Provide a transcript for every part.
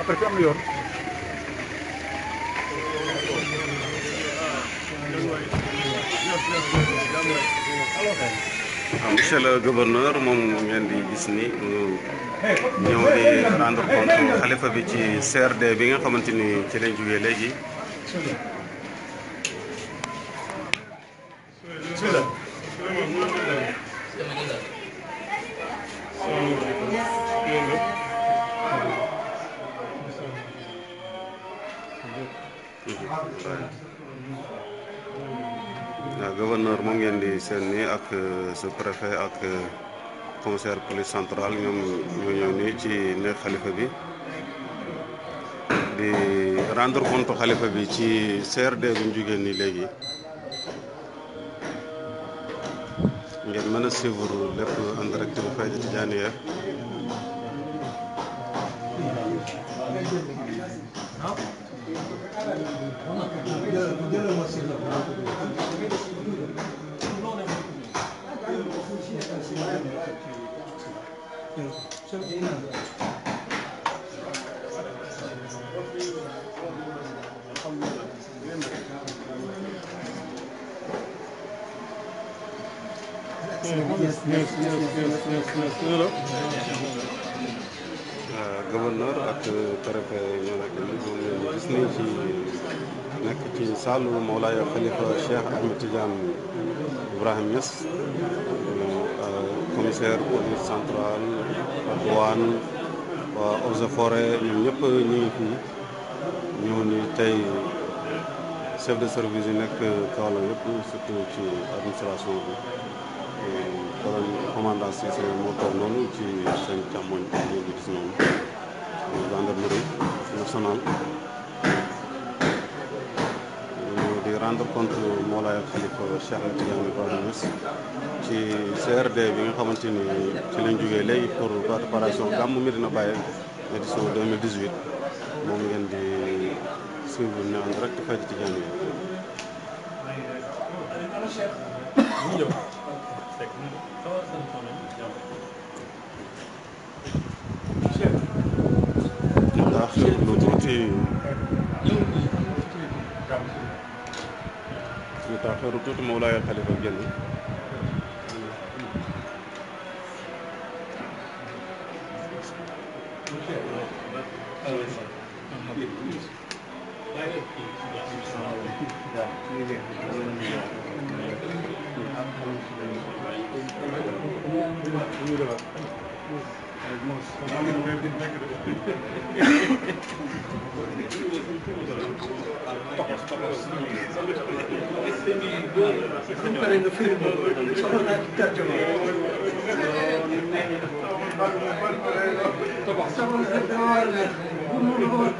après fi am na yoon. waaw monsieur le gouverneur moom ngeen di gis ni ñëw di rendre compte xalifa bi ci CRD bi nga xamante ni ci lañ jógee léegi. bismillah. ni ak euh, sous préfet ak euh, commissaire police centrale ñoom ñoo ñëw ci néeg xalifa bi di rendre compte xalifa bi ci CRD bu ñu jógee nii léegi ngeen mën a suivre lépp en direct bu Fayda Tidianiya Euh, gouverneur ak préfet ñoo nekk ni moom leen gis nañ ci nekk ci saalu Mawlaaya Xalifa Cheikh Ahmed Tidiane Ibrahim Niass euh, commissaire police centrale douane waa eaux ñoom ñëpp ñu ngi fi ñëw ni tey chef de service yi nekk Kaolack yëpp surtout ci administration bi Euh, commandant Cissé moo toog noonu ci seen càmmoñ bi ngeen di gis noonu gendarmerie nationale euh, di rendre compte Mawlaay Xalifa Cheikh Tidiane Ibrahima Niass ci CRD bi nga xamante ni ci lañ jógee léegi pour préparation gàmmu Medina Baye édition 2018 moom ngeen di suivre ne en direct Fayda Tidiane yi taaxiru tuuti Mawlaay al Xalifa génn Thank you. Topos. Topos.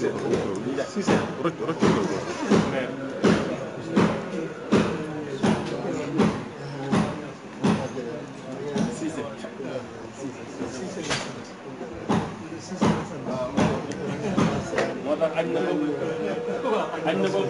Cissé Cissé rëcc rëcc moo tax añ na ko añ na ko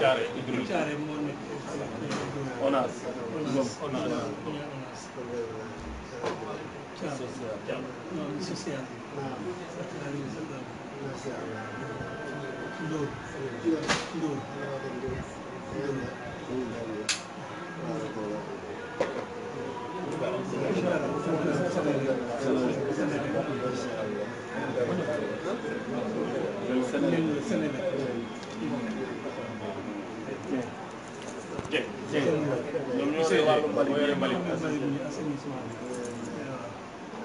caare Idrissa caare onas onas social ndóol ndóol ñoom ñoo yore wàllu mbali ñoo yore mbali assainissement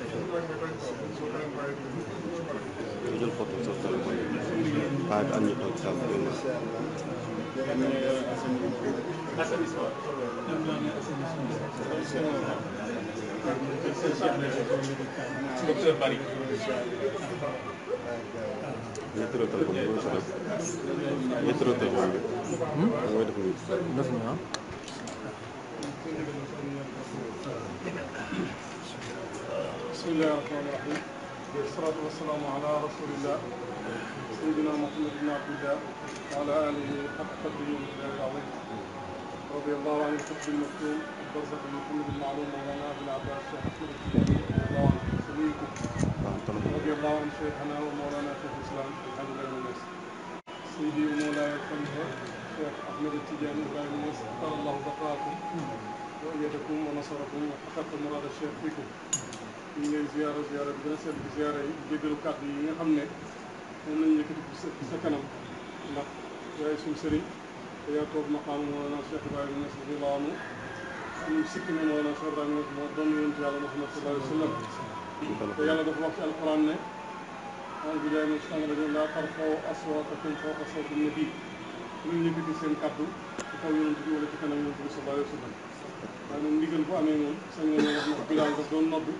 jël photo sa téléphone paa bi am ñu toog sàmm bi ma docteur Barry ñetti téléphone bi def ñetti téléphone bi def bismillahi rahmaani rahim wasalaatu wasalaamu ala rasulillah sayidina muhammad ibn abdillah wa ala alihi xaq qadrihi wa miqdaarihi al-azim radi allahu an alxutb almaktum barzak almuhammad almaalum mawlana abil abbas cheikh ahmad tijani radiallahu anhu samiyikum radi allahu an cheikhana wa mawlana cheikh islam alhaji ibrahima Niass sayidi wa mawlaya alxalifa cheikh ahmad tijani ibrahima Niass qala allahu baqaakum wa iyadakum wa nasarakum wa xaqaqa murada cheikh fikum ñu ngi lay ziara ziara bi gën a seet bi ziara yi jégalu kàddu yi nga xam ne moom nañu yëkkati ci sa kanam ndax yaay suñu sëriñ te yaa toog maqaam moona Cheikh Ibrahima Niass radiyallahu ne moona Cheikh Ibrahima Niass moo doon yonent yàlla Muhammad sallallahu alayhi wa sallam te yàlla dafa ne an billahi ñu yëkkati seen kàddu ci kaw yonent bi wala ci kanam yonent bi sallallahu alayhi wa sallam waaye moom ndigal bu amee moom sañ na wax na ko bilaal daf doon noddu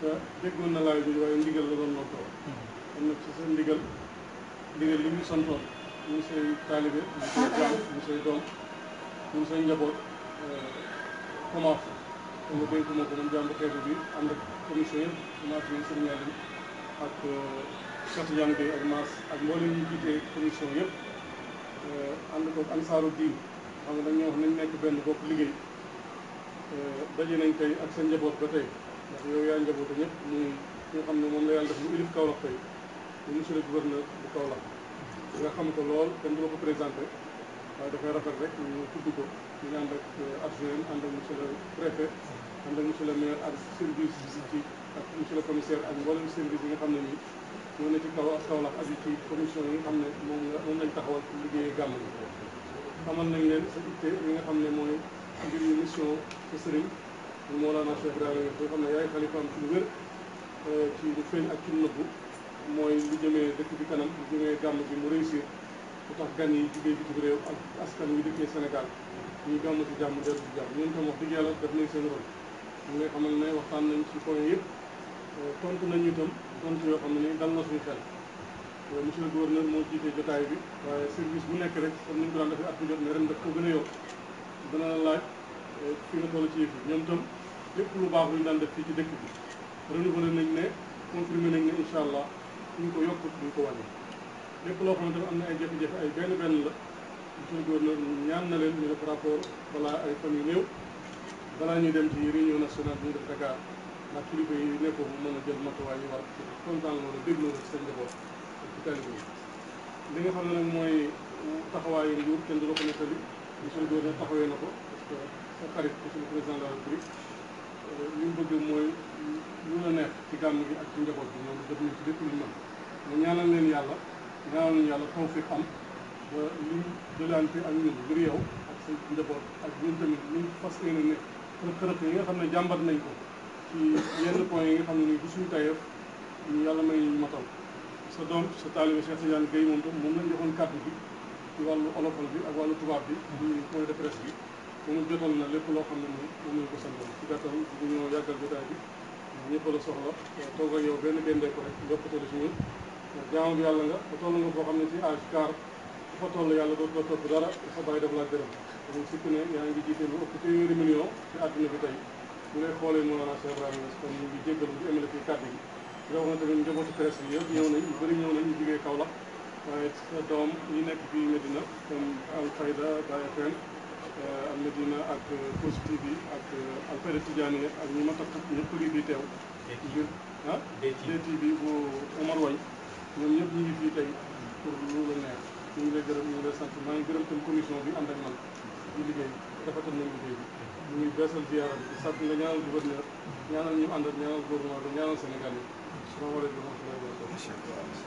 te déggoon na laay jooju waaye ndigal la doon noppoo kon nag ci sa ndigal ndigal li ñu santoon ñu say taalibe ñu ah, ah. say doom ñu say njaboot euh, commencé kon nga dénk ma ko moom jàmb bi ànd ak commission yëpp commencé nañ sëriñ Alim ak euh, ak Mass ak mboolem ñu jiitee commission ko ansaaru diin xam nga dañ ñoo wax nañ nekk benn bopp liggéey euh, daje nañ tey ak sa njaboot ba tey ndax yow yaa njabootu ñëpp muy ki nga xam ne moom la yàlla def mu ilif Kaolack tey mu monsieur la gouverneur bu Kaolack nga xam ko lool kenn du la ko présenté waaye dafay rafet rek ñu tudd ko ñu ànd ak euh, adjoint ànd ak monsieur le préfet ak monsieur le maire ak service ci ak monsieur le commissaire ak mboolem service yi nga xam ne nii ñoo ne ci kaw Kaolack ak ci commission yi nga xam ne moom la moom lañ taxawal pour liggéeyee gàmm xamal nañ leen sa itte li nga xam ne mooy ngir mission sa sëriñ Mawlana Cheikh Ibrahima Niass nga xam ne yaay xalifaam ci lu wér euh, ci lu feeñ ak ci lu nëbbu mooy lu jëmee dëkk bi kanam lu jëmee gàmm bi mu réussir lu tax gan yi jugee bitim réew ak askan wi dëkkee Sénégal ñu gàmm jàmm dellu ci jàmm ñun tam wax dëgg yàlla def seen rôle xamal ne waxtaan nañ ci point yëpp euh, tontu nañu itam tontu yoo xam ne dal na suñu xel euh, monsieur le gouverneur moo jiite jotaay bi waaye service bu nekk rek comme ni ñu daan defee at bu jot ne ren daf ko gën a yokk dana la laaj fii nga toll ci yëf yi lépp lu baax lu ñu daan def fii ci dëkk bi renouvelé nañ ne confirmé nañ ne incha allah ñu ko yokk ñu ko wàññi lépp loo xamante ne am na ay jafe-jafe ay benn benn la monsieur le gouverneur ñaan na leen ñu def rapport balaa ay fan yu néew balaa ñuy dem ci réunion nationale bi ñu def Dakar ndax kilifa yi nekkoon mu mën a jël matuwaay yi war ci kontaan loolu déglu na ci seen njaboot ak ci talibe yi li nga xam mooy taxawaayu nguur kenn du la ko nettali monsieur taxawee na ko parce que sa xarit monsieur le président li mu bëgg mooy lu la neex ci gàmm bi ak ci njaboot bi ñoom def nañ ci lépp lu ñu mën nga ñaanal leen yàlla ñaanal leen yàlla tawfiq am ba liñ jëlante ak ñun ngir yow ak sa njaboot ak ñun tamit liñ fas yéene ne yi nga xam ne jàmbat nañ ko ci yenn point yi nga xam ne nii du suñu tayeef yàlla may ñu matal sa doom sa taalibe Cheikh Tidiane Gueye moom tam moom lañ joxoon kàddu bi ci wàllu olofal bi ak wàllu tubaab bi muy point de presse bi moom jotoon na lépp loo xam ne moom moom lañ ko ci gàttal bu ñëw yàggal la soxla toog ak yow benn benn ko rek yokkute la ci yàlla nga ba toll nga foo ne ci âge car bu fa toll yàlla doo doo topp dara sa bàyyi daf laa gërëm donc surtout bi tey bu lay xoolee Mawlana Cheikh Ibrahima kon ñu ngi jéggalu di émale fii kàddu gi nga wax na tamit njabootu presse bi yëpp ñëw nañ ñu bëri ñëw nañ waaye sa doom yi nekk fii Medina comme Al Fayda Baye am euh, na dina ak Kossy euh, TV ak euh, Alfayda Tidiane ak ñi ma tax ñëpp ah, ngi fii teew. ngir ah DTV bu Omar Way ñoom ñëpp ñu pour lu la neex ñu ngi lay gërëm ñu ngi lay sant maa ngi gërëm tam commission bi ànd ak man di liggéey rafetal nañu liggéey bi ñu ngi beesal ziara bi sant nga ñaanal gouverneur ñaanal ñu ànd ak ñaanal gouvernement bi ñaanal Sénégal yi salaamaaleykum wa rahmatulah wa barakatuh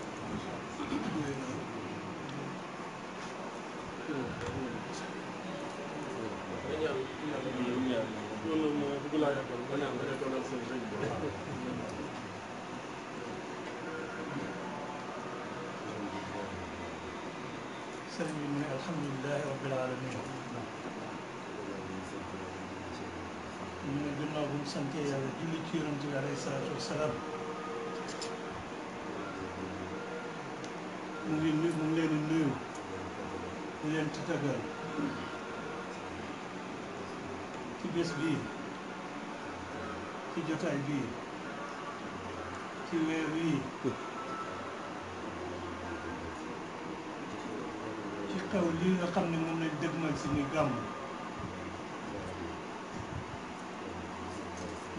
sëriñ bi mu ne alhamdulilahi rabbil alamin ñu ne ginnaaw bu ñu sante yàlla julli ci yonent bi alayhi salaatu wasalaam mu ngi mu ngi leen di nuyu di leen tatagal ci bés bii ci jotaay bii ci weer wii ci xew lii nga xam ne moom lañ dëgmal si muy gàmm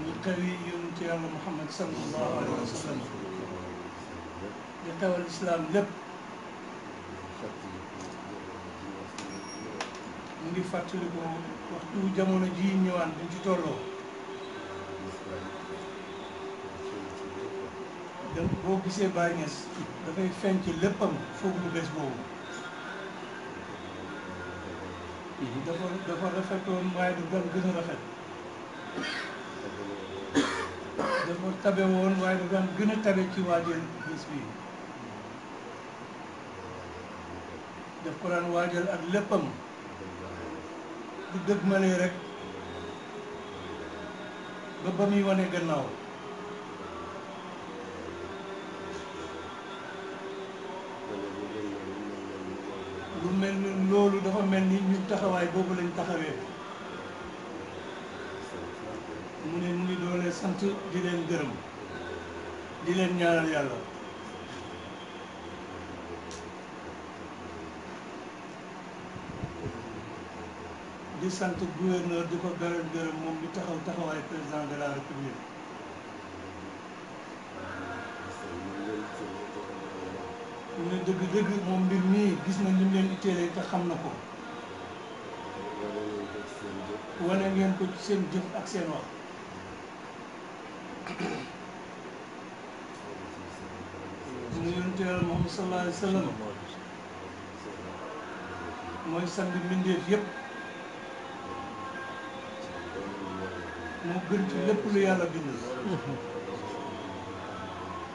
ñu xew yi yonent yàlla Muhammad sallallahu alayhi wa sallam di xewal islaam lépp fàttali ko waxtu jamono jii ñëwaat buñ ci tolloo dem boo gisee Baye Niass dafay feeñ ci léppam foog lu bees boobu dafa dafa rafetoon waaye du daan gën a rafet dafa tabe woon waaye du daan gën a tabe ci waajal bés bi daf ko daan waajal ak léppam du dëgmalee rek ba ba muy wane gannaaw lu mel ni loolu dafa mel ni ñu taxawaay boobu lañ taxawee mu ne mu ngi doole sant di leen gërëm di leen ñaanal yàlla di sant gouverneur di ko beral gërëm moom di taxaw taxawaay président de la république ñu ne dëgg-dëgg moom mbir mii gis na lim leen itteelee te xam na ko wane ngeen ko ci seen jëf ak seen wax ñu leen teeral moom sallallahu alayhi wa sallam mooy sang mbindeef yépp moo gën ci lépp lu yàlla bind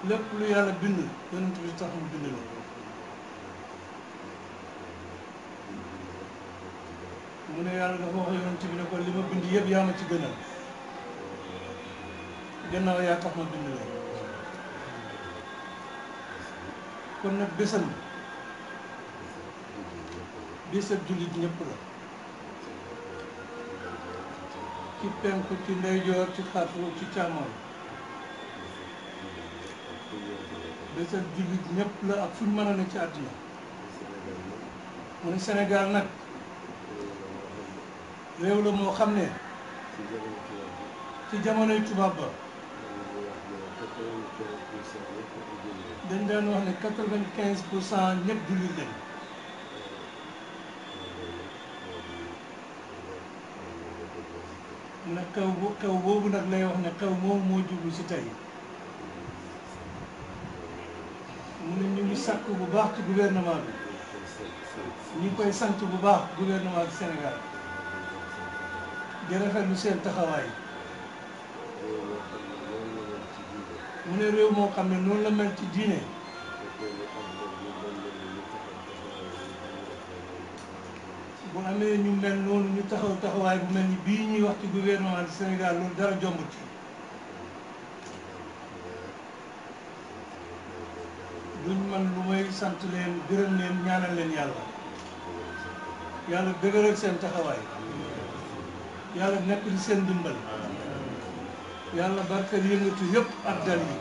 lépp lu yàlla bind yonent bi tax mu bind la mu ne yàlla dafa wax yonent bi ne ko li ma bind yëpp yaa ma ci gënal gannaaw yaa tax ma bind la kon nag bésam bésab jullit ñëpp la ci penku ci ndeyjoor ci xarfu ci càmmoñ bésab jullit ñëpp la ak fu mën a ne ci at mu ne Sénégal nag réew la moo xam ne ci jamonoy tubaab ba dañ daan wax ne quatre-vingt-quinze pour cent ñëpp jullit lañ la xew bo xew boobu nag lay wax ne xew moom moo jublu ci tey mu ne ñu ngi sàkk bu baax ci gouvernement bi ñu koy sant bu baax gouvernement ak Sénégal di lu seen taxawaay mu ne réew moo xam ne noonu la mel ci diine bu amee ñu mel noonu ñu taxaw taxawaay bu mel ni bii ñuy wax ci gouvernement du Sénégal loolu dara jomb ci luñ man lu may sant leen gërëm leen ñaanal leen yàlla yàlla dëgëral seen taxawaay yàlla nekk di seen dimbal yàlla barkal yëngatu yëpp ak dal yi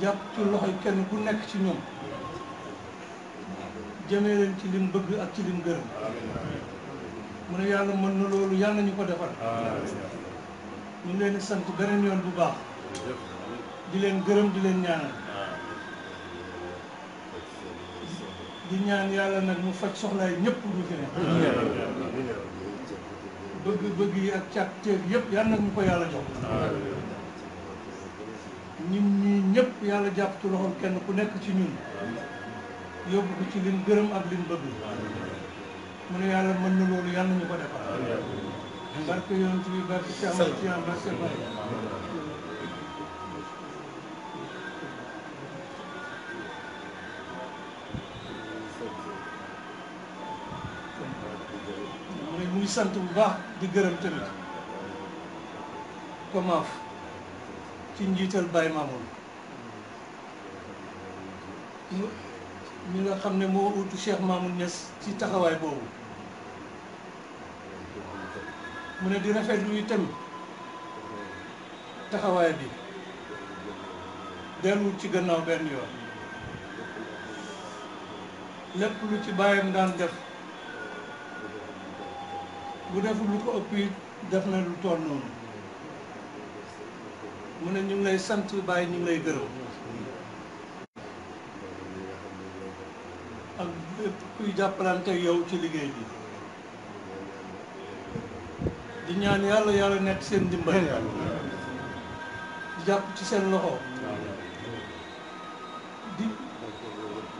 jàpp ci loxoy kenn ku nekk ci ñoom jëmee leen ci lim bëgg ak ci lim gërëm mu ne yàlla mën na loolu yàlla ñu ko defar ñu ngi leen di sant beneen yoon bu baax di leen gërëm di leen ñaanal di ñaan yàlla nag mu faj soxlaay ñëpp ñu fi ne bëgg-bëgg yi ak càkk teef yëpp yàlla nag mu ko yàlla jox ñun ñii ñëpp yàlla jàpp loxol kenn ku nekk ci ñun yóbbu ko ci lim gërëm ak lim bëgg mu ne yàlla mën na loolu yàlla ñu ko defal barke yonent bi barke ci ci am sant bu baax di gërëm tamit komaaf ci njiital Baye Mamoun mi nga xam ne moo uutu Cheikh Mamoun nees ci taxawaay boobu mu ne di rafet rafetlu tamit taxawaay bi dellu ci gannaaw benn yoon lépp lu ci bàyyam daan def bu deful lu ko ëpp it def na lu toll noonu mu ne ñu lay sant bàyyi ñu ngi lay gërëm kuy jàppalante yow ci liggéey bi di ñaan yàlla yàlla nekk seen dimbal di jàpp ci seen loxo di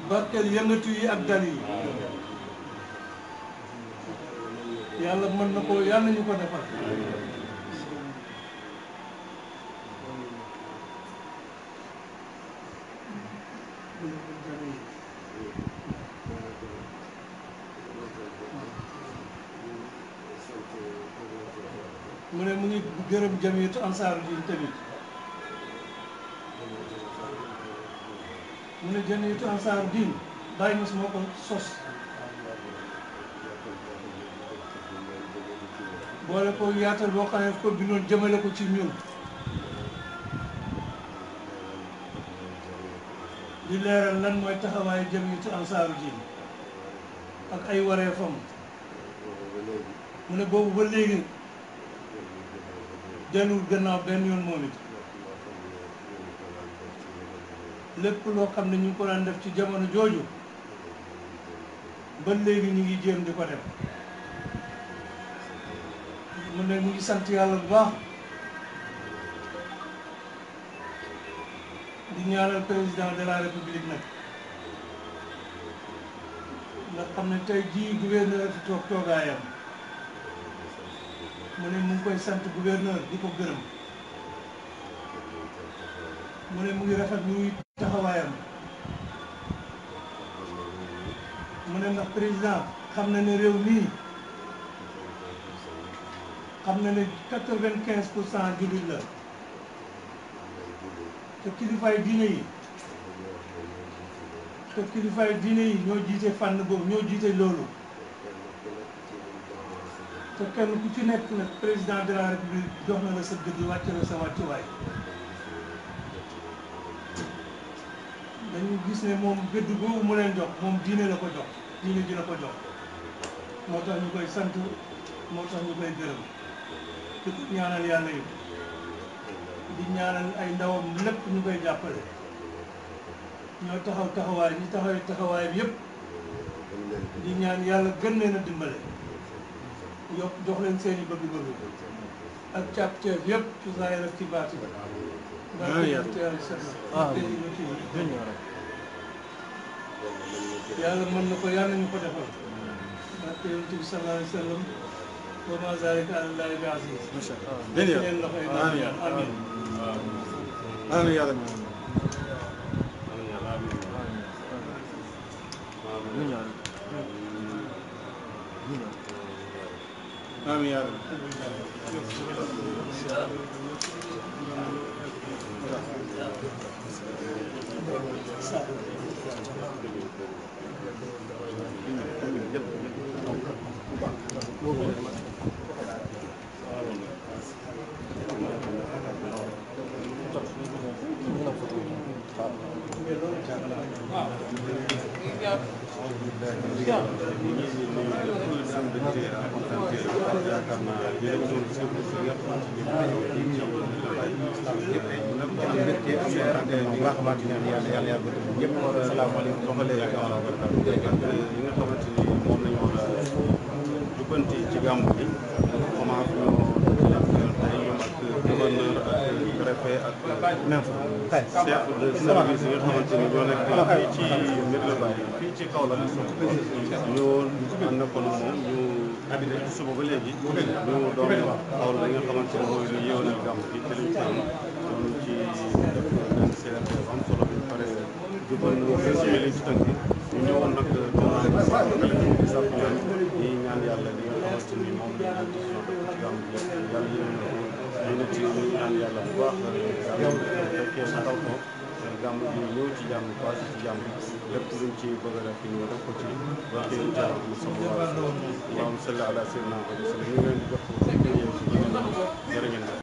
barkeel yëngatu yi ak dal yi yàlla mën na ko yàlla ñu ko defal mu ne mu ngi gërëm jamiyatu ansaaru diin tamit mu ne jamiyatu ansaaru diin Baye moo ko sos boole ko yaatal boo xam ne ko bindoon jëmale ko ci ñun di leeral lan mooy taxawaayu jamiyatu ansaaru diin ak ay wareefam mu ne boobu ba léegi delul gannaaw benn yoon moom it lépp loo xam ne ñu ngi ko daan def ci jamono jooju ba léegi ñu ngi jéem di ko def mu ne mu ngi sant yàlla bu baax di ñaanal président de la république nag nga xam ne tey jii gouverneur fi toog toogaayam mu ne mu ngi koy sant gouverneur di ko gërëm mu ne mu ngi rafet luy taxawaayam mu ne ndax président xam na ne réew mii xam na ne quatre-vingt-quinze pour cent jullit la te kilifaay diine yi te kilifaay diine yi ñoo jiite fànn boobu ñoo jiite loolu te kenn ku ci nekk nag président de la république jox na la sa gëdd wàcce la sa wàccuwaay dañu gis ne moom gëdd boobu mu leen jox moom diine la ko jox diine ji la ko jox moo tax ñu koy sant moo tax ñu koy gërëm di ko ñaanal yàlla yi di ñaanal ay ndawam lépp ñu koy jàppale ñoo taxaw taxawaay ñi taxaw taxawaay bi yëpp di ñaan yàlla gën leen a dimbale yokk jox leen seen i bëgg-bëgg ak càpteef yëpp ci zaahir ak ci baatin ah, ah, yàlla mën na ko yàlla ñu ko defal barke yonent bi sallallahu alayhi wa sallam wa ma zalika ala llahi bi aziz amiin amiin amiin amiin amiin baax a baax di nga xamante ni moom la ñu war a jubbanti ci gàmmu bi commencé ñoo tey ñoom ak gouverneur ak préfet ak même chef de service nga xamante ni ñoo nekk fii ci Medina Baye fii ci Kaolack ñoo ànd ak moom ñu abide suba ba léegi ñu doon xawla li nga xamante ni mooy lu yéwénal gàmmu bi te liñ benn CRD bu am solo bi pare jubal na benn simili liñ ci ñu ñëwoon nag journée bi sax nga leen di sax ñaan ñi ñaan li moom la ñu décision def ci gàmm yàlla yéen na ko ñu ngi ci ñu ñaan yàlla bu baax yàlla fekkee sa taw ko gàmm bi ñëw ci jàmm paase ci jàmm lépp luñ ci bëgg a def ñu def ko ci barke jaam bi sallallahu alayhi wa sallam salli ala sayyidina Muhammad ñu ngi leen di jox jërë ngeen